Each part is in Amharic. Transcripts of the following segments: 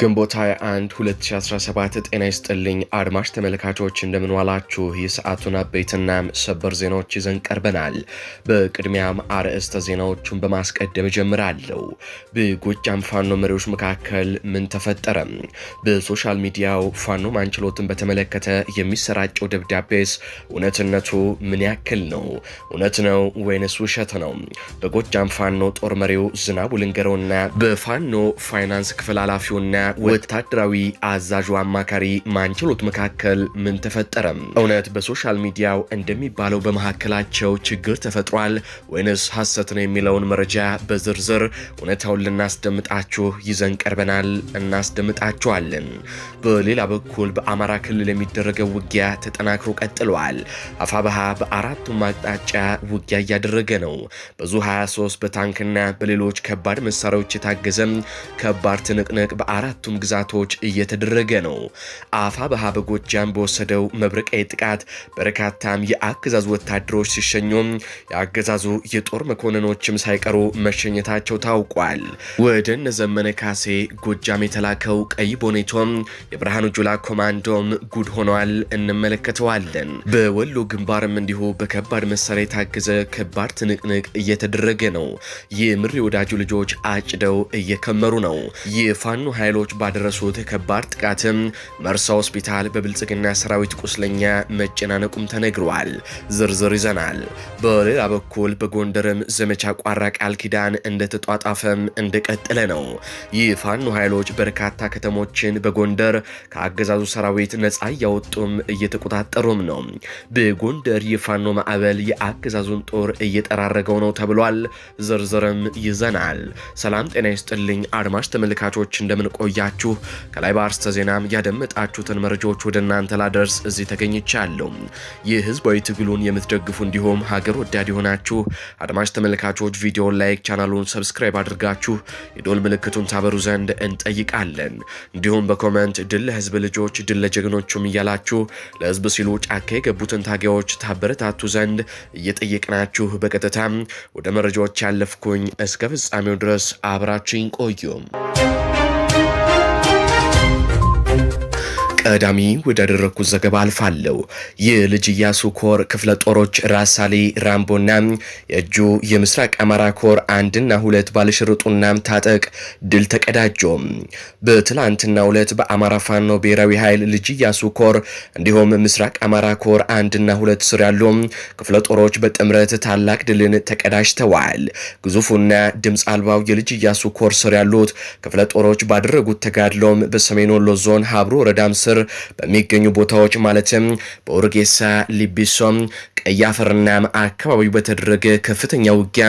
ግንቦት 21 2017። ጤና ይስጥልኝ አድማሽ ተመልካቾች እንደምንዋላችሁ። የሰዓቱን አበይትና ሰበር ዜናዎች ይዘን ቀርበናል። በቅድሚያም አርዕስተ ዜናዎቹን በማስቀደም እጀምራለሁ። በጎጃም ፋኖ መሪዎች መካከል ምን ተፈጠረ? በሶሻል ሚዲያው ፋኖ ማንችሎትን በተመለከተ የሚሰራጨው ደብዳቤስ እውነትነቱ ምን ያክል ነው? እውነት ነው ወይንስ ውሸት ነው? በጎጃም ፋኖ ጦር መሪው ዝናቡ ልንገረውና በፋኖ ፋይናንስ ክፍል ኃላፊውና ወታደራዊ አዛዡ አማካሪ ማንችሎት መካከል ምን ተፈጠረም? እውነት በሶሻል ሚዲያው እንደሚባለው በመካከላቸው ችግር ተፈጥሯል ወይንስ ሐሰት ነው የሚለውን መረጃ በዝርዝር እውነታውን ልናስደምጣችሁ ይዘን ቀርበናል። እናስደምጣችኋለን። በሌላ በኩል በአማራ ክልል የሚደረገው ውጊያ ተጠናክሮ ቀጥሏል። አፋበሃ በአራቱም አቅጣጫ ውጊያ እያደረገ ነው። ብዙ 23 በታንክና በሌሎች ከባድ መሳሪያዎች የታገዘም ከባድ ትንቅንቅ በአራት በአራቱም ግዛቶች እየተደረገ ነው። አፋብኃ በጎጃም በወሰደው መብረቃዊ ጥቃት በርካታም የአገዛዙ ወታደሮች ሲሸኙም የአገዛዙ የጦር መኮንኖችም ሳይቀሩ መሸኘታቸው ታውቋል። ወደ እነ ዘመነ ካሴ ጎጃም የተላከው ቀይ ቦኔቶም የብርሃኑ ጁላ ኮማንዶም ጉድ ሆኗል። እንመለከተዋለን። በወሎ ግንባርም እንዲሁ በከባድ መሳሪያ የታገዘ ከባድ ትንቅንቅ እየተደረገ ነው። የምሬ ወዳጁ ልጆች አጭደው እየከመሩ ነው። የፋኖ ኃይሎች ፋኖዎች ባደረሱት ከባድ ጥቃትም መርሳ ሆስፒታል በብልጽግና ሰራዊት ቁስለኛ መጨናነቁም ተነግሯል። ዝርዝር ይዘናል። በሌላ በኩል በጎንደርም ዘመቻ ቋራ ቃል ኪዳን እንደተጧጣፈም እንደቀጠለ ነው። ይህ ፋኖ ኃይሎች በርካታ ከተሞችን በጎንደር ከአገዛዙ ሰራዊት ነጻ እያወጡም እየተቆጣጠሩም ነው። በጎንደር የፋኖ ማዕበል የአገዛዙን ጦር እየጠራረገው ነው ተብሏል። ዝርዝርም ይዘናል። ሰላም ጤና ይስጥልኝ አድማጭ ተመልካቾች እንደምንቆያ እያችሁ ከላይ በአርስተ ዜናም ያደመጣችሁትን መረጃዎች ወደ እናንተ ላደርስ እዚህ ተገኝቻለሁ። ይህ ህዝባዊ ትግሉን የምትደግፉ እንዲሁም ሀገር ወዳድ የሆናችሁ አድማጭ ተመልካቾች ቪዲዮን ላይክ፣ ቻናሉን ሰብስክራይብ አድርጋችሁ የዶል ምልክቱን ታበሩ ዘንድ እንጠይቃለን። እንዲሁም በኮመንት ድል ለህዝብ ልጆች ድል ለጀግኖቹም እያላችሁ ለህዝብ ሲሉ ጫካ የገቡትን ታጋዮች ታበረታቱ ዘንድ እየጠየቅናችሁ በቀጥታ ወደ መረጃዎች ያለፍኩኝ እስከ ፍጻሜው ድረስ አብራችኝ ቆዩም። ቀዳሚ ወዳደረግኩት ዘገባ አልፋለሁ። ይህ ልጅ ኮር ክፍለ ጦሮች ራሳሌ ራምቦና የእጁ የምስራቅ አማራ ኮር አንድና ሁለት ባለሽርጡና ታጠቅ ድል ተቀዳጆ። በትላንትና ሁለት በአማራ ፋኖ ብሔራዊ ኃይል ልጅ ኢያሱ ኮር እንዲሁም ምስራቅ አማራ ኮር አንድና ሁለት ስር ያሉ ክፍለ ጦሮች በጥምረት ታላቅ ድልን ተቀዳጅተዋል። ግዙፉና ድምፅ አልባው የልጅ ኢያሱ ኮር ስር ያሉት ክፍለ ጦሮች ባደረጉት ተጋድሎም በሰሜን ወሎ ዞን ሀብሮ ወረዳም ስር ስር በሚገኙ ቦታዎች ማለትም በኦርጌሳ፣ ሊቢሶ፣ ቀይ አፈርና አካባቢው በተደረገ ከፍተኛ ውጊያ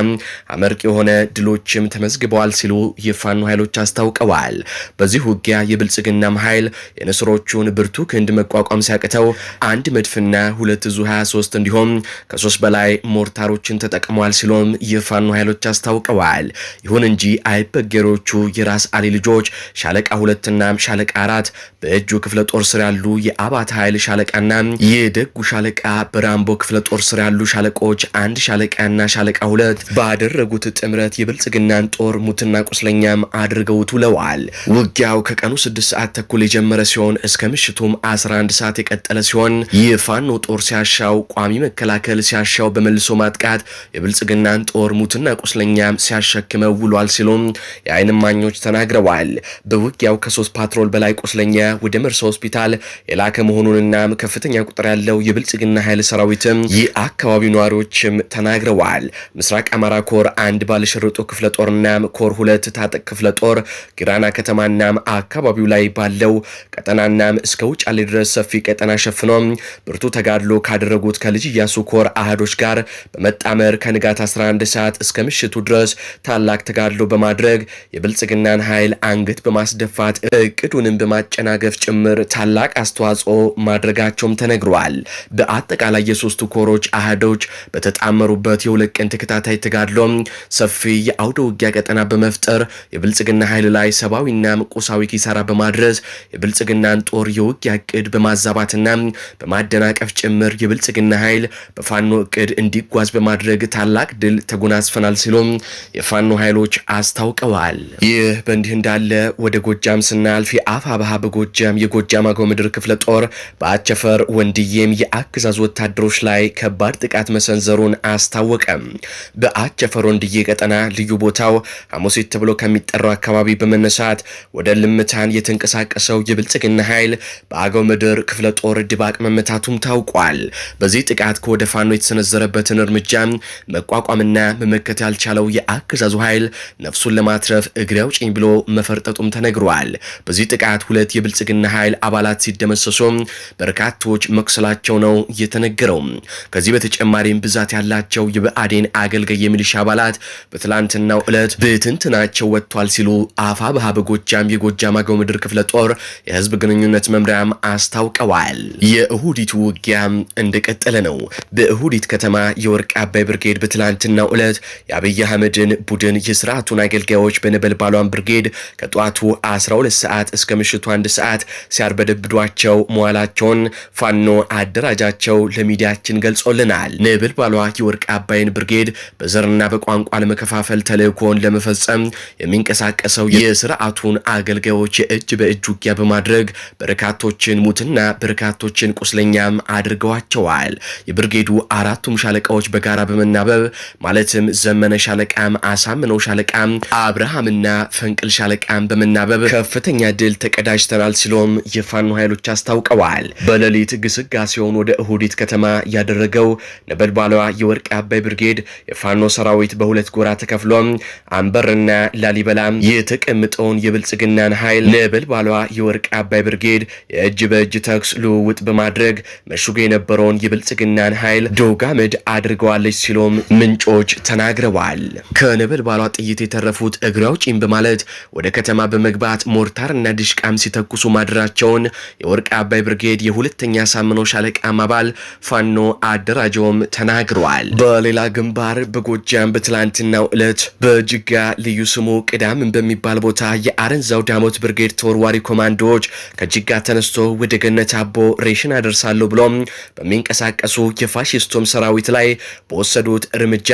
አመርቂ የሆነ ድሎችም ተመዝግበዋል ሲሉ የፋኑ ኃይሎች አስታውቀዋል። በዚህ ውጊያ የብልጽግናም ኃይል የንስሮቹን ብርቱ ክንድ መቋቋም ሲያቅተው አንድ መድፍና ሁለት ዙ 23 እንዲሁም ከሶስት በላይ ሞርታሮችን ተጠቅመዋል ሲሉም የፋኑ ኃይሎች አስታውቀዋል። ይሁን እንጂ አይበገሬዎቹ የራስ አሊ ልጆች ሻለቃ ሁለትና ሻለቃ አራት በእጁ ክፍለ ጦር ጦር ስር ያሉ የአባት ኃይል ሻለቃና የደጉ ሻለቃ በራምቦ ክፍለ ጦር ስር ያሉ ሻለቆች አንድ ሻለቃና ሻለቃ ሁለት ባደረጉት ጥምረት የብልጽግናን ጦር ሙትና ቁስለኛም አድርገውት ውለዋል። ውጊያው ከቀኑ ስድስት ሰዓት ተኩል የጀመረ ሲሆን እስከ ምሽቱም 11 ሰዓት የቀጠለ ሲሆን የፋኖ ጦር ሲያሻው ቋሚ መከላከል ሲያሻው በመልሶ ማጥቃት የብልጽግናን ጦር ሙትና ቁስለኛም ሲያሸክመው ውሏል ሲሉም የአይን እማኞች ተናግረዋል። በውጊያው ከሶስት ፓትሮል በላይ ቁስለኛ ወደ መርሳ ሆስፒታል የላከ መሆኑንና ከፍተኛ ቁጥር ያለው የብልጽግና ኃይል ሰራዊትም የአካባቢው ነዋሪዎችም ተናግረዋል። ምስራቅ አማራ ኮር አንድ ባለሽርጡ ክፍለ ጦርና ኮር ሁለት ታጠቅ ክፍለ ጦር ጊራና ከተማናም አካባቢው ላይ ባለው ቀጠናናም እስከ ውጫሌ ድረስ ሰፊ ቀጠና ሸፍኖ ብርቱ ተጋድሎ ካደረጉት ከልጅ እያሱ ኮር አህዶች ጋር በመጣመር ከንጋት 11 ሰዓት እስከ ምሽቱ ድረስ ታላቅ ተጋድሎ በማድረግ የብልጽግናን ኃይል አንገት በማስደፋት እቅዱንም በማጨናገፍ ጭምር ታላቅ አስተዋጽኦ ማድረጋቸውም ተነግሯል። በአጠቃላይ የሶስቱ ኮሮች አህዶች በተጣመሩበት የሁለት ቀን ተከታታይ ተጋድሎም ሰፊ የአውደ ውጊያ ቀጠና በመፍጠር የብልጽግና ኃይል ላይ ሰብአዊና ቁሳዊ ኪሳራ በማድረስ የብልጽግናን ጦር የውጊያ እቅድ በማዛባትና በማደናቀፍ ጭምር የብልጽግና ኃይል በፋኖ እቅድ እንዲጓዝ በማድረግ ታላቅ ድል ተጎናጽፈናል ሲሉም የፋኖ ኃይሎች አስታውቀዋል። ይህ በእንዲህ እንዳለ ወደ ጎጃም ስናልፍ የአፋ ባህ በጎጃም የጎጃም የሲዳማጎ ምድር ክፍለ ጦር በአቸፈር ወንድዬም የአገዛዙ ወታደሮች ላይ ከባድ ጥቃት መሰንዘሩን አስታወቀም። በአቸፈር ወንድዬ ቀጠና ልዩ ቦታው ሐሙሲት ተብሎ ከሚጠራው አካባቢ በመነሳት ወደ ልምታን የተንቀሳቀሰው የብልጽግና ኃይል በአገው ምድር ክፍለ ጦር ድባቅ መመታቱም ታውቋል። በዚህ ጥቃት ከወደ ፋኖ የተሰነዘረበትን እርምጃ መቋቋምና መመከት ያልቻለው የአገዛዙ ኃይል ነፍሱን ለማትረፍ እግሬ አውጪኝ ብሎ መፈርጠጡም ተነግሯል። በዚህ ጥቃት ሁለት የብልጽግና ኃይል አባላት ሲደመሰሱ በርካቶች መቁሰላቸው ነው የተነገረው። ከዚህ በተጨማሪም ብዛት ያላቸው የብአዴን አገልጋይ የሚሊሻ አባላት በትላንትናው ዕለት ብትንትናቸው ወጥቷል ሲሉ አፋብሃ በጎጃም የጎጃም አገው ምድር ክፍለ ጦር የህዝብ ግንኙነት መምሪያም አስታውቀዋል። የእሁዲቱ ውጊያም እንደቀጠለ ነው። በእሁዲት ከተማ የወርቅ አባይ ብርጌድ በትላንትናው ዕለት የአብይ አህመድን ቡድን የስርዓቱን አገልጋዮች በነበልባሏን ብርጌድ ከጠዋቱ 12 ሰዓት እስከ ምሽቱ አንድ ሰዓት ሲያርብ በድብዷቸው መዋላቸውን ፋኖ አደራጃቸው ለሚዲያችን ገልጾልናል። ንብል ባሏ የወርቅ አባይን ብርጌድ በዘርና በቋንቋ ለመከፋፈል ተልእኮን ለመፈጸም የሚንቀሳቀሰው የስርዓቱን አገልጋዮች የእጅ በእጅ ውጊያ በማድረግ በርካቶችን ሙትና በርካቶችን ቁስለኛም አድርገዋቸዋል። የብርጌዱ አራቱም ሻለቃዎች በጋራ በመናበብ ማለትም ዘመነ ሻለቃም፣ አሳምነው ሻለቃም፣ አብርሃምና ፈንቅል ሻለቃም በመናበብ ከፍተኛ ድል ተቀዳጅተናል ሲሎም የፋኖ ኃይሎች አስታውቀዋል። በሌሊት ግስጋሴውን ወደ እሁዲት ከተማ ያደረገው ነበልባሏ የወርቅ አባይ ብርጌድ የፋኖ ሰራዊት በሁለት ጎራ ተከፍሎ አንበርና ላሊበላ የተቀምጠውን የብልጽግናን ኃይል ነበልባሏ የወርቅ አባይ ብርጌድ የእጅ በእጅ ተኩስ ልውውጥ በማድረግ መሽጎ የነበረውን የብልጽግናን ኃይል ዶጋመድ አድርገዋለች ሲሉም ምንጮች ተናግረዋል። ከነበልባሏ ጥይት የተረፉት እግሬ አውጪኝ በማለት ወደ ከተማ በመግባት ሞርታርና ድሽቃም ሲተኩሱ ማድራቸውን ሲሆን የወርቅ አባይ ብርጌድ የሁለተኛ ሳምኖ ሻለቃ አባል ፋኖ አደራጀውም ተናግረዋል። በሌላ ግንባር በጎጃም በትላንትናው ዕለት በጅጋ ልዩ ስሙ ቅዳምን በሚባል ቦታ የአረንዛው ዳሞት ብርጌድ ተወርዋሪ ኮማንዶዎች ከጅጋ ተነስቶ ወደ ገነት አቦ ሬሽን አደርሳለሁ ብሎም በሚንቀሳቀሱ የፋሽስቱም ሰራዊት ላይ በወሰዱት እርምጃ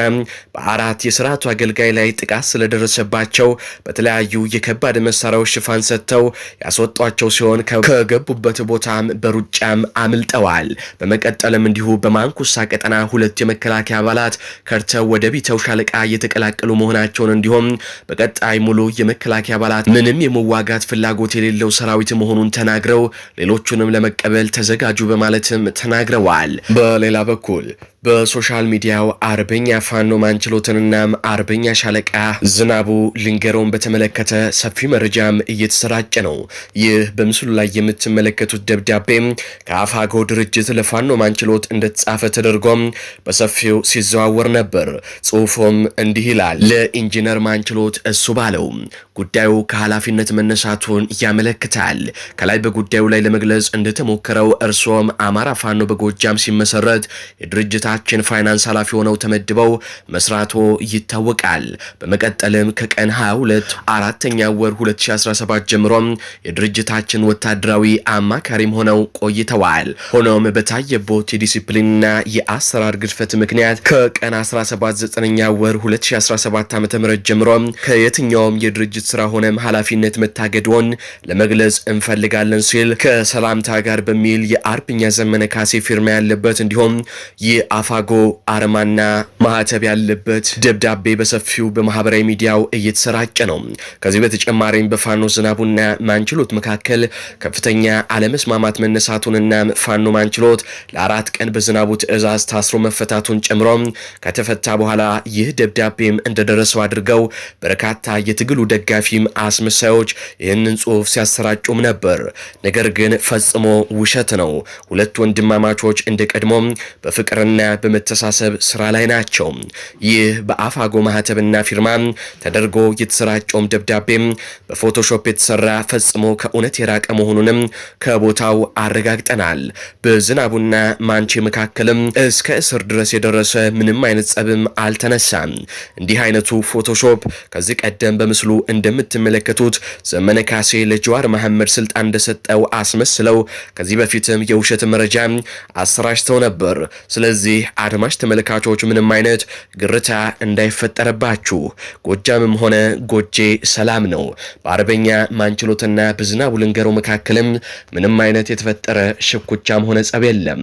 በአራት የስርዓቱ አገልጋይ ላይ ጥቃት ስለደረሰባቸው በተለያዩ የከባድ መሳሪያዎች ሽፋን ሰጥተው ያስወጧቸው ሲሆን ከገቡበት ቦታም በሩጫም አምልጠዋል። በመቀጠልም እንዲሁ በማንኩሳ ቀጠና ሁለት የመከላከያ አባላት ከርተው ወደ ቢተው ሻለቃ እየተቀላቀሉ መሆናቸውን እንዲሁም በቀጣይ ሙሉ የመከላከያ አባላት ምንም የመዋጋት ፍላጎት የሌለው ሰራዊት መሆኑን ተናግረው ሌሎቹንም ለመቀበል ተዘጋጁ በማለትም ተናግረዋል። በሌላ በኩል በሶሻል ሚዲያው አርበኛ ፋኖ ማንችሎትንና አርበኛ ሻለቃ ዝናቡ ልንገረውን በተመለከተ ሰፊ መረጃም እየተሰራጨ ነው። ይህ በምስሉ ላይ የምትመለከቱት ደብዳቤም ከአፋጎ ድርጅት ለፋኖ ማንችሎት እንደተጻፈ ተደርጎም በሰፊው ሲዘዋወር ነበር። ጽሁፎም እንዲህ ይላል። ለኢንጂነር ማንችሎት እሱ ባለው ጉዳዩ ከኃላፊነት መነሳቱን ያመለክታል። ከላይ በጉዳዩ ላይ ለመግለጽ እንደተሞከረው እርሶም አማራ ፋኖ በጎጃም ሲመሰረት የድርጅት የሀገራችን ፋይናንስ ኃላፊ ሆነው ተመድበው መስራቶ ይታወቃል። በመቀጠልም ከቀን 22 አራተኛ ወር 2017 ጀምሮም የድርጅታችን ወታደራዊ አማካሪም ሆነው ቆይተዋል። ሆኖም በታየቦት የዲሲፕሊንና የአሰራር ግድፈት ምክንያት ከቀን 17 9ኛ ወር 2017 ዓ ም ጀምሮ ከየትኛውም የድርጅት ስራ ሆነም ኃላፊነት መታገድዎን ለመግለጽ እንፈልጋለን ሲል ከሰላምታ ጋር በሚል የአርበኛ ዘመነ ካሴ ፊርማ ያለበት እንዲሁም የአ የአፋጎ አርማና ማህተብ ያለበት ደብዳቤ በሰፊው በማህበራዊ ሚዲያው እየተሰራጨ ነው። ከዚህ በተጨማሪም በፋኖ ዝናቡና ማንችሎት መካከል ከፍተኛ አለመስማማት መነሳቱንና ፋኖ ማንችሎት ለአራት ቀን በዝናቡ ትዕዛዝ ታስሮ መፈታቱን ጨምሮ ከተፈታ በኋላ ይህ ደብዳቤም እንደደረሰው አድርገው በርካታ የትግሉ ደጋፊም አስመሳዮች ይህንን ጽሁፍ ሲያሰራጩም ነበር። ነገር ግን ፈጽሞ ውሸት ነው። ሁለት ወንድማማቾች እንደቀድሞም በፍቅርና ጋር በመተሳሰብ ስራ ላይ ናቸው። ይህ በአፋጎ ማህተብና ፊርማ ተደርጎ የተሰራጨውም ደብዳቤ በፎቶሾፕ የተሰራ ፈጽሞ ከእውነት የራቀ መሆኑንም ከቦታው አረጋግጠናል። በዝናቡና ማንቼ መካከልም እስከ እስር ድረስ የደረሰ ምንም አይነት ጸብም አልተነሳም። እንዲህ አይነቱ ፎቶሾፕ ከዚህ ቀደም በምስሉ እንደምትመለከቱት ዘመነ ካሴ ለጀዋር መሐመድ ስልጣን እንደሰጠው አስመስለው ከዚህ በፊትም የውሸት መረጃ አሰራጭተው ነበር። ስለዚህ ስለዚህ አድማጭ ተመልካቾች ምንም አይነት ግርታ እንዳይፈጠረባችሁ፣ ጎጃምም ሆነ ጎጄ ሰላም ነው። በአርበኛ ማንችሎትና በዝናቡ ልንገረው መካከልም ምንም አይነት የተፈጠረ ሽኩቻም ሆነ ጸብ የለም።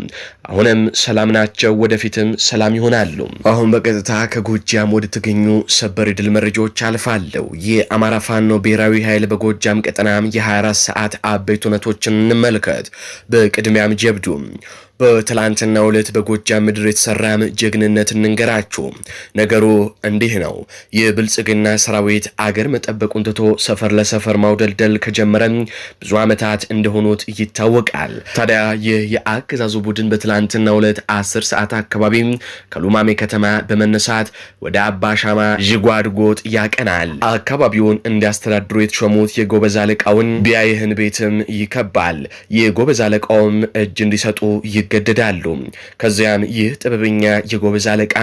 አሁንም ሰላም ናቸው፣ ወደፊትም ሰላም ይሆናሉ። አሁን በቀጥታ ከጎጃም ወደ ተገኙ ሰበር ድል መረጃዎች አልፋለሁ። የአማራ ፋኖ ብሔራዊ ኃይል በጎጃም ቀጠናም የ24 ሰዓት አበይት ሁነቶችን እንመልከት። በቅድሚያም ጀብዱ በትላንትናው ዕለት በጎጃም ምድር የተሰራም ጀግንነት እንንገራችሁ። ነገሩ እንዲህ ነው። የብልጽግና ሰራዊት አገር መጠበቁን ትቶ ሰፈር ለሰፈር ማውደልደል ከጀመረ ብዙ ዓመታት እንደሆኑት ይታወቃል። ታዲያ ይህ የአገዛዙ ቡድን በትላንትናው ዕለት አስር ሰዓት አካባቢ ከሉማሜ ከተማ በመነሳት ወደ አባሻማ ዥጓድጎጥ ያቀናል። አካባቢውን እንዲያስተዳድሩ የተሾሙት የጎበዝ አለቃውን ቢያይህን ቤትም ይከባል። የጎበዝ አለቃውም እጅ እንዲሰጡ ይገደዳሉ። ከዚያም ይህ ጥበበኛ የጎበዝ አለቃ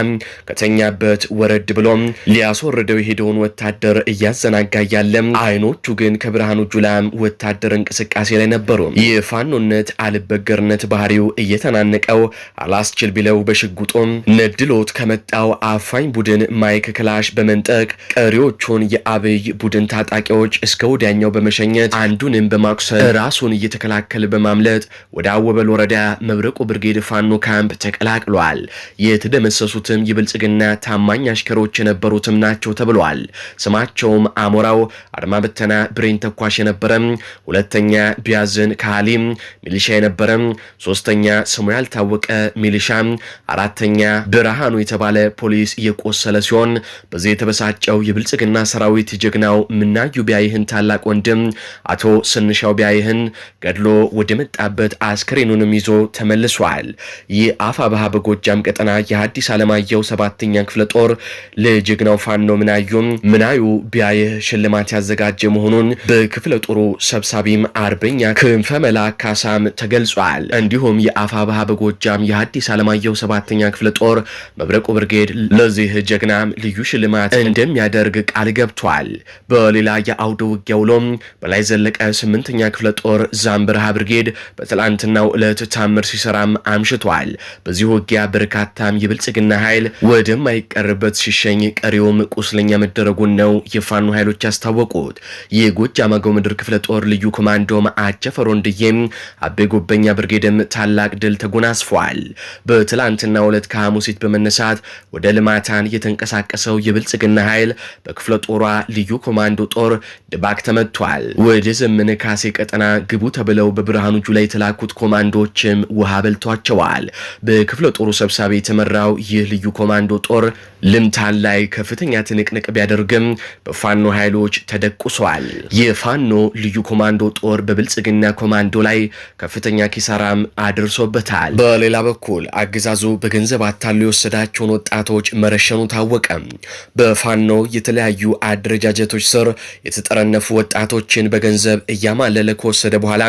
ከተኛበት ወረድ ብሎ ሊያስወርደው የሄደውን ወታደር እያዘናጋ ያለ አይኖቹ ግን ከብርሃኑ ጁላም ወታደር እንቅስቃሴ ላይ ነበሩ። የፋኖነት አልበገርነት ባህሪው እየተናነቀው አላስችል ቢለው በሽጉጡ ነድሎት ከመጣው አፋኝ ቡድን ማይክ ክላሽ በመንጠቅ ቀሪዎቹን የአብይ ቡድን ታጣቂዎች እስከ ወዲያኛው በመሸኘት አንዱንም በማቁሰል ራሱን እየተከላከለ በማምለጥ ወደ አወበል ወረዳ መብረ መብረቁ ብርጌድ ፋኖ ካምፕ ተቀላቅሏል። የተደመሰሱትም የብልጽግና ታማኝ አሽከሮች የነበሩትም ናቸው ተብሏል። ስማቸውም አሞራው አድማ ብተና ብሬን ተኳሽ የነበረም፣ ሁለተኛ ቢያዝን ካሊም ሚሊሻ የነበረም፣ ሶስተኛ ስሙ ያልታወቀ ሚሊሻ፣ አራተኛ ብርሃኑ የተባለ ፖሊስ እየቆሰለ ሲሆን በዚህ የተበሳጨው የብልጽግና ሰራዊት ጀግናው ምናዩ ቢያይህን ታላቅ ወንድም አቶ ስንሻው ቢያይህን ገድሎ ወደ መጣበት ይዞ ተመለ ተመልሷል። የአፋብሃ በጎጃም ቀጠና የሐዲስ ዓለማየሁ ሰባተኛ ክፍለ ጦር ለጀግናው ፋኖ ምናዩም ምናዩ ቢያየህ ሽልማት ያዘጋጀ መሆኑን በክፍለ ጦሩ ሰብሳቢም አርበኛ ክንፈ ካሳም ተገልጿል። እንዲሁም የአፋብሃ በጎጃም የሐዲስ ዓለማየሁ ሰባተኛ ክፍለ ጦር መብረቁ ብርጌድ ለዚህ ጀግናም ልዩ ሽልማት እንደሚያደርግ ቃል ገብቷል። በሌላ የአውደ ውጊያ ውሎም በላይ ዘለቀ ስምንተኛ ክፍለ ጦር ዛምብርሃ ብርጌድ በትላንትናው ዕለት ታምር ሲሰ ሲሰራም አምሽቷል። በዚህ ውጊያ በርካታም የብልጽግና ኃይል ወደማይቀርበት ሲሸኝ፣ ቀሪውም ቁስለኛ መደረጉን ነው የፋኖ ኃይሎች ያስታወቁት። የጎጃም አገው ምድር ክፍለ ጦር ልዩ ኮማንዶም አጀፈሮ እንድዬም አቤ ጎበኛ ብርጌድም ታላቅ ድል ተጎናስፏል። በትላንትና ሁለት ከሐሙሲት በመነሳት ወደ ልማታን የተንቀሳቀሰው የብልጽግና ኃይል በክፍለ ጦሯ ልዩ ኮማንዶ ጦር ድባቅ ተመቷል። ወደ ዘመነ ካሴ ቀጠና ግቡ ተብለው በብርሃኑ ጁላ የተላኩት ኮማንዶዎችም ውሃ አበልቷቸዋል። በክፍለ ጦሩ ሰብሳቢ የተመራው ይህ ልዩ ኮማንዶ ጦር ልምታን ላይ ከፍተኛ ትንቅንቅ ቢያደርግም በፋኖ ኃይሎች ተደቁሷል። የፋኖ ልዩ ኮማንዶ ጦር በብልጽግና ኮማንዶ ላይ ከፍተኛ ኪሳራም አድርሶበታል። በሌላ በኩል አገዛዙ በገንዘብ አታሉ የወሰዳቸውን ወጣቶች መረሸኑ ታወቀም። በፋኖ የተለያዩ አደረጃጀቶች ስር የተጠረነፉ ወጣቶችን በገንዘብ እያማለለ ከወሰደ በኋላ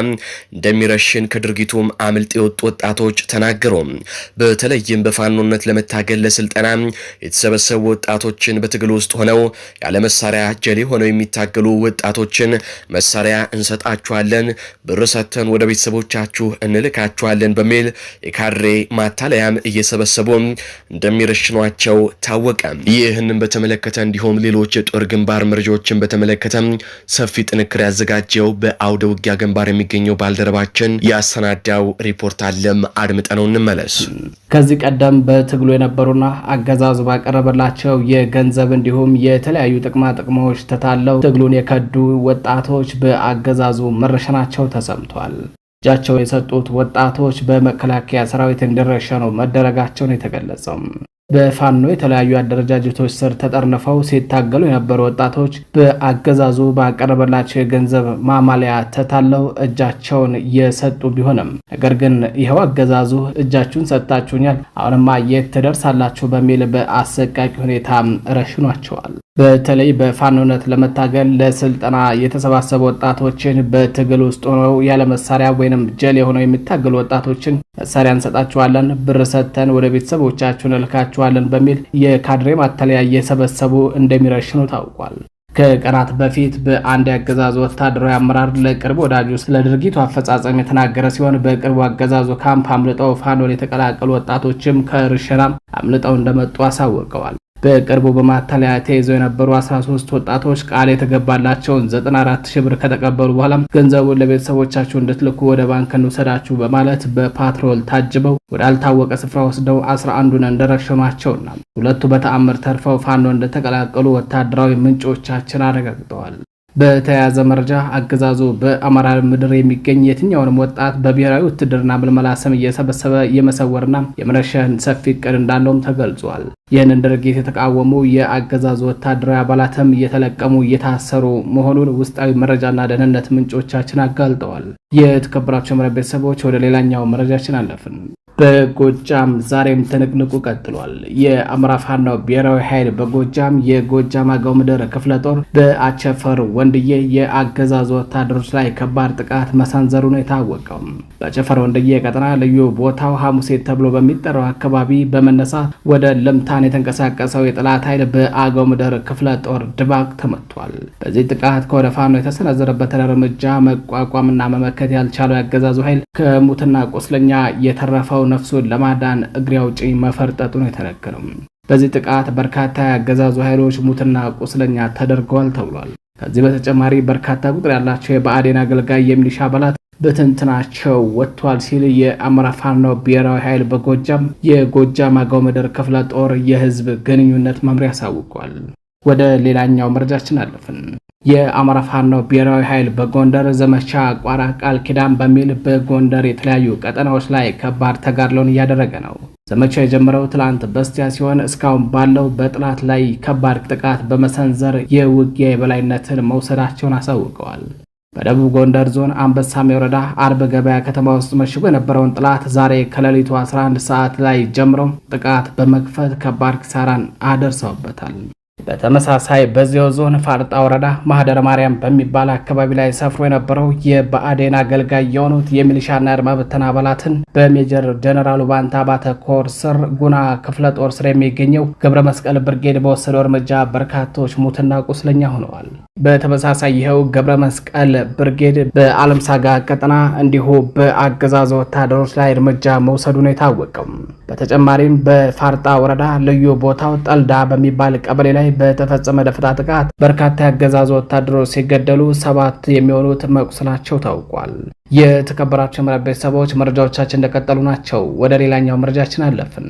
እንደሚረሽን ከድርጊቱም አምልጥ የወጡ ወጣቶች ተናገሩ። በተለይም በፋኖነት ለመታገል ለስልጠና የተሰበሰቡ ወጣቶችን በትግል ውስጥ ሆነው ያለ መሳሪያ ጀሌ ሆነው የሚታገሉ ወጣቶችን መሳሪያ እንሰጣችኋለን፣ ብር ሰጥተን ወደ ቤተሰቦቻችሁ እንልካችኋለን በሚል የካድሬ ማታለያም እየሰበሰቡ እንደሚረሽኗቸው ታወቀ። ይህንን በተመለከተ እንዲሁም ሌሎች የጦር ግንባር መረጃዎችን በተመለከተ ሰፊ ጥንክር ያዘጋጀው በአውደ ውጊያ ግንባር የሚገኘው ባልደረባችን ያሰናዳው ሪፖርት አለ አድምጠ ነው እንመለስ። ከዚህ ቀደም በትግሉ የነበሩና አገዛዙ ባቀረበላቸው የገንዘብ እንዲሁም የተለያዩ ጥቅማ ጥቅሞች ተታለው ትግሉን የከዱ ወጣቶች በአገዛዙ መረሸናቸው ተሰምቷል። እጃቸው የሰጡት ወጣቶች በመከላከያ ሰራዊት እንዲረሸኑ መደረጋቸውን የተገለጸው በፋኖ የተለያዩ አደረጃጀቶች ስር ተጠርንፈው ሲታገሉ የነበሩ ወጣቶች በአገዛዙ ባቀረበላቸው የገንዘብ ማማለያ ተታለው እጃቸውን የሰጡ ቢሆንም ነገር ግን ይኸው አገዛዙ እጃችሁን ሰጥታችሁኛል፣ አሁንማ የት ትደርሳላችሁ በሚል በአሰቃቂ ሁኔታ ረሽኗቸዋል። በተለይ በፋኖነት ለመታገል ለስልጠና የተሰባሰቡ ወጣቶችን በትግል ውስጥ ሆነው ያለመሳሪያ ወይንም ጀል የሆነው የሚታገሉ ወጣቶችን መሳሪያ እንሰጣችኋለን፣ ብር ሰጥተን ወደ ቤተሰቦቻችሁን እልካችኋለን በሚል የካድሬ ማተለያ እየሰበሰቡ እንደሚረሽኑ ታውቋል። ከቀናት በፊት በአንድ የአገዛዙ ወታደራዊ አመራር ለቅርብ ወዳጁ ስለ ድርጊቱ አፈጻጸም የተናገረ ሲሆን በቅርቡ አገዛዙ ካምፕ አምልጠው ፋኖን የተቀላቀሉ ወጣቶችም ከርሸናም አምልጠው እንደመጡ አሳውቀዋል። በቅርቡ በማታለያ ተይዘው የነበሩ 13 ወጣቶች ቃል የተገባላቸውን 94 ሺህ ብር ከተቀበሉ በኋላ ገንዘቡን ለቤተሰቦቻችሁ እንድትልኩ ወደ ባንክ እንውሰዳችሁ በማለት በፓትሮል ታጅበው ወደ አልታወቀ ስፍራ ወስደው 11ን እንደረሸኗቸውና ሁለቱ በተአምር ተርፈው ፋኖ እንደተቀላቀሉ ወታደራዊ ምንጮቻችን አረጋግጠዋል። በተያያዘ መረጃ አገዛዙ በአማራ ምድር የሚገኝ የትኛውንም ወጣት በብሔራዊ ውትድርና ምልመላ ስም እየሰበሰበ የመሰወርና የመረሸን ሰፊ እቅድ እንዳለውም ተገልጿል። ይህንን ድርጊት የተቃወሙ የአገዛዙ ወታደራዊ አባላትም እየተለቀሙ እየታሰሩ መሆኑን ውስጣዊ መረጃና ደህንነት ምንጮቻችን አጋልጠዋል። የተከበራቸው መረ ቤተሰቦች ወደ ሌላኛው መረጃችን አለፍን። በጎጃም ዛሬም ትንቅንቁ ቀጥሏል። የአማራ ፋኖ ብሔራዊ ኃይል በጎጃም የጎጃም አገው ምድር ክፍለ ጦር በአቸፈር ወንድዬ የአገዛዙ ወታደሮች ላይ ከባድ ጥቃት መሰንዘሩ ነው የታወቀው። በአቸፈር ወንድዬ ቀጠና ልዩ ቦታው ሐሙሴት ተብሎ በሚጠራው አካባቢ በመነሳት ወደ ልምታን የተንቀሳቀሰው የጠላት ኃይል በአገው ምድር ክፍለ ጦር ድባቅ ተመቷል። በዚህ ጥቃት ከወደ ፋኖ የተሰነዘረበትን እርምጃ መቋቋምና መመከት ያልቻለው የአገዛዙ ኃይል ከሙትና ቁስለኛ የተረፈውን ነፍሱን ለማዳን እግሬ አውጪኝ መፈርጠጡ ነው የተነገረው። በዚህ ጥቃት በርካታ የአገዛዙ ኃይሎች ሙትና ቁስለኛ ተደርገዋል ተብሏል። ከዚህ በተጨማሪ በርካታ ቁጥር ያላቸው የብአዴን አገልጋይ የሚሊሻ አባላት በትንትናቸው ወጥቷል ሲል የአማራ ፋኖ ብሔራዊ ኃይል በጎጃም የጎጃም አገው ምድር ክፍለ ጦር የህዝብ ግንኙነት መምሪያ አሳውቋል። ወደ ሌላኛው መረጃችን አለፍን። የአማራ ፋኖ ብሔራዊ ኃይል በጎንደር ዘመቻ ቋራ ቃል ኪዳን በሚል በጎንደር የተለያዩ ቀጠናዎች ላይ ከባድ ተጋድሎን እያደረገ ነው። ዘመቻው የጀመረው ትላንት በስቲያ ሲሆን እስካሁን ባለው በጥላት ላይ ከባድ ጥቃት በመሰንዘር የውጊያ የበላይነትን መውሰዳቸውን አሳውቀዋል። በደቡብ ጎንደር ዞን አንበሳሜ ወረዳ አርብ ገበያ ከተማ ውስጥ መሽጎ የነበረውን ጥላት ዛሬ ከሌሊቱ 11 ሰዓት ላይ ጀምሮ ጥቃት በመክፈት ከባድ ኪሳራን አደርሰውበታል። በተመሳሳይ በዚያው ዞን ፋርጣ ወረዳ ማህደረ ማርያም በሚባል አካባቢ ላይ ሰፍሮ የነበረው የብአዴን አገልጋይ የሆኑት የሚሊሻና አድማ ብተና አባላትን በሜጀር ጀነራሉ ባንታ ባተ ኮር ስር ጉና ክፍለ ጦር ስር የሚገኘው ገብረ መስቀል ብርጌድ በወሰደው እርምጃ በርካቶች ሙትና ቁስለኛ ሆነዋል። በተመሳሳይ ይኸው ገብረ መስቀል ብርጌድ በአለም ሳጋ ቀጠና እንዲሁ በአገዛዝ ወታደሮች ላይ እርምጃ መውሰዱ ነው የታወቀው። በተጨማሪም በፋርጣ ወረዳ ልዩ ቦታው ጠልዳ በሚባል ቀበሌ ላይ በተፈጸመ ደፈጣ ጥቃት በርካታ የአገዛዝ ወታደሮች ሲገደሉ ሰባት የሚሆኑት መቁሰላቸው ታውቋል። የተከበራቸው መረብ ቤተሰቦች መረጃዎቻችን እንደቀጠሉ ናቸው። ወደ ሌላኛው መረጃችን አለፍን።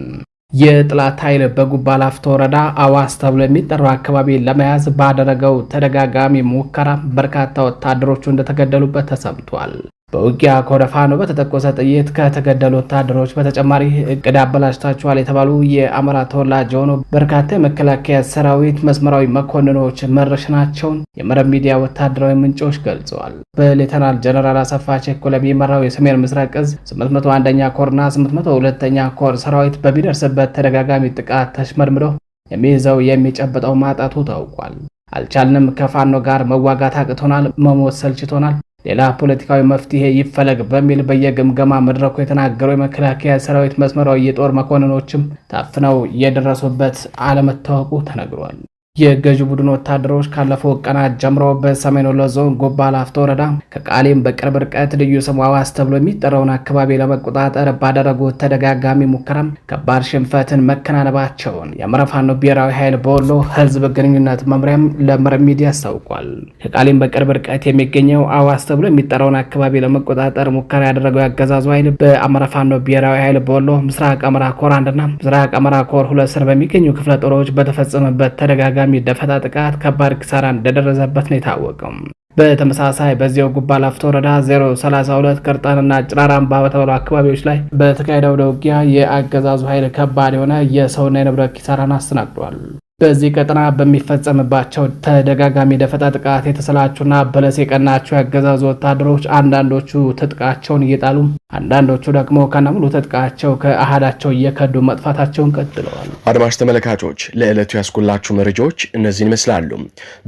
የጥላት ኃይል በጉባ ላፍቶ ወረዳ አዋስ ተብሎ የሚጠራው አካባቢ ለመያዝ ባደረገው ተደጋጋሚ ሙከራ በርካታ ወታደሮቹ እንደተገደሉበት ተሰምቷል። በውጊያ ኮረፋ ነው በተተኮሰ ጥይት ከተገደሉ ወታደሮች በተጨማሪ እቅድ አበላሽታችኋል የተባሉ የአማራ ተወላጅ የሆኑ በርካታ የመከላከያ ሰራዊት መስመራዊ መኮንኖች መረሸናቸውን የመረብ ሚዲያ ወታደራዊ ምንጮች ገልጸዋል። በሌተናል ጀነራል አሰፋ ቸኮል የሚመራው የሰሜን ምስራቅ እዝ 801ኛ ኮርና 802ኛ ኮር ሰራዊት በሚደርስበት ተደጋጋሚ ጥቃት ተሽመድምደው የሚይዘው የሚጨብጠው ማጣቱ ታውቋል። አልቻልንም፣ ከፋኖ ጋር መዋጋት አቅቶናል፣ መሞት ሰልችቶናል ሌላ ፖለቲካዊ መፍትሄ ይፈለግ በሚል በየግምገማ መድረኩ የተናገሩ የመከላከያ ሰራዊት መስመራዊ የጦር መኮንኖችም ታፍነው የደረሱበት አለመታወቁ ተነግሯል። የገዢ ቡድን ወታደሮች ካለፈው ቀናት ጀምሮ በሰሜን ወሎ ዞን ጎባ ላፍቶ ወረዳ ከቃሊም በቅርብ ርቀት ልዩ ስሙ አዋስ ተብሎ የሚጠራውን አካባቢ ለመቆጣጠር ባደረጉት ተደጋጋሚ ሙከራም ከባድ ሽንፈትን መከናነባቸውን የአማራ ፋኖ ብሔራዊ ኃይል በወሎ ህዝብ ግንኙነት መምሪያም ለመረብ ሚዲያ አስታውቋል። ከቃሌም በቅርብ ርቀት የሚገኘው አዋስ ተብሎ የሚጠራውን አካባቢ ለመቆጣጠር ሙከራ ያደረገው ያገዛዙ ኃይል በአማራ ፋኖ ብሔራዊ ኃይል በወሎ ምስራቅ አማራ ኮር አንድና ምስራቅ አማራ ኮር ሁለት ስር በሚገኙ ክፍለ ጦሮች በተፈጸመበት ተደጋጋሚ ተደጋጋሚ ደፈጣ ጥቃት ከባድ ኪሳራ እንደደረሰበት ነው የታወቀው። በተመሳሳይ በዚያው ጉባ ላፍቶ ወረዳ 032 ቅርጣንና ጭራራ አምባ በተባሉ አካባቢዎች ላይ በተካሄደው ውጊያ የአገዛዙ ኃይል ከባድ የሆነ የሰውና የንብረት ኪሳራን አስተናግዷል። በዚህ ቀጠና በሚፈጸምባቸው ተደጋጋሚ ደፈጣ ጥቃት የተሰላቹና በለስ የቀናቸው ያገዛዙ ወታደሮች አንዳንዶቹ ትጥቃቸውን እየጣሉ አንዳንዶቹ ደግሞ ከነሙሉ ትጥቃቸው ከአህዳቸው እየከዱ መጥፋታቸውን ቀጥለዋል። አድማጭ ተመልካቾች ለዕለቱ ያስኩላችሁ መረጃዎች እነዚህን ይመስላሉ።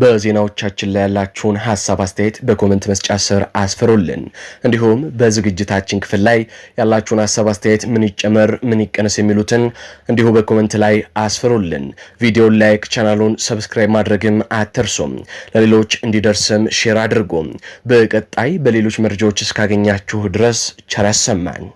በዜናዎቻችን ላይ ያላችሁን ሀሳብ አስተያየት በኮመንት መስጫ ስር አስፈሩልን። እንዲሁም በዝግጅታችን ክፍል ላይ ያላችሁን ሀሳብ አስተያየት ምን ይጨመር፣ ምን ይቀነስ የሚሉትን እንዲሁ በኮመንት ላይ አስፈሩልን ቪዲዮ ላይክ፣ ቻናሉን ሰብስክራይብ ማድረግም አትርሱም። ለሌሎች እንዲደርስም ሼር አድርጉ። በቀጣይ በሌሎች መረጃዎች እስካገኛችሁ ድረስ ቸር ያሰማን።